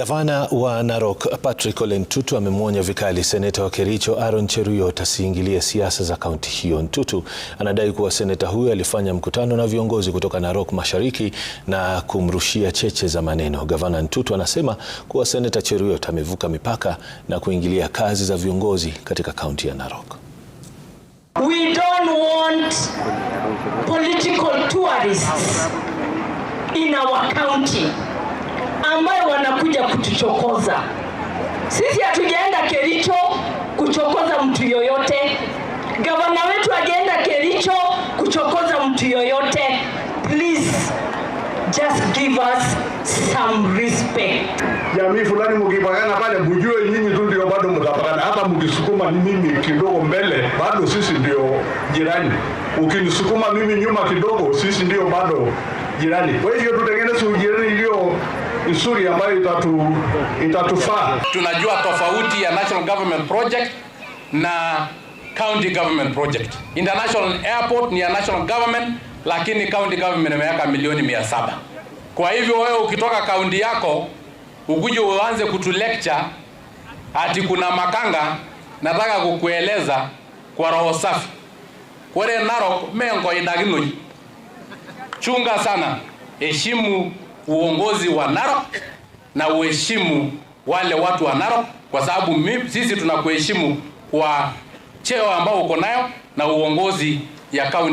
Gavana wa Narok Patrick Ole Ntutu amemwonya vikali seneta wa Kericho Aaron Cheruiyot asiingilie siasa za kaunti hiyo. Ntutu anadai kuwa seneta huyo alifanya mkutano na viongozi kutoka Narok Mashariki na kumrushia cheche za maneno. Gavana Ntutu anasema kuwa seneta Cheruiyot amevuka mipaka na kuingilia kazi za viongozi katika kaunti ya Narok. We don't want political tourists in our county ambayo wana wanakuja kutuchokoza. Sisi hatujaenda Kericho kuchokoza mtu yoyote. Gavana wetu ajaenda Kericho kuchokoza mtu yoyote. Please just give us some respect. Jamii fulani mkipakana pale, mjue nyinyi tu ndio bado mtapakana. Hata mkisukuma mimi kidogo mbele, bado sisi ndio jirani. Ukinisukuma mimi nyuma kidogo, sisi ndio bado jirani. Kwa hivyo tutengeneze ujirani nzuri ambayo itatu, itatufaa. Tunajua tofauti ya national government project na county government project. International airport ni ya national government, lakini county government imeweka milioni mia saba. Kwa hivyo wewe ukitoka kaunti yako ukuje uanze kutu lecture ati kuna makanga, nataka kukueleza kwa roho safi, kore Narok mengo idaginoi, chunga sana, heshimu uongozi wa Narok na uheshimu wale watu wa Narok, kwa sababu sisi tunakuheshimu kwa cheo ambao uko nayo na uongozi ya kaunti.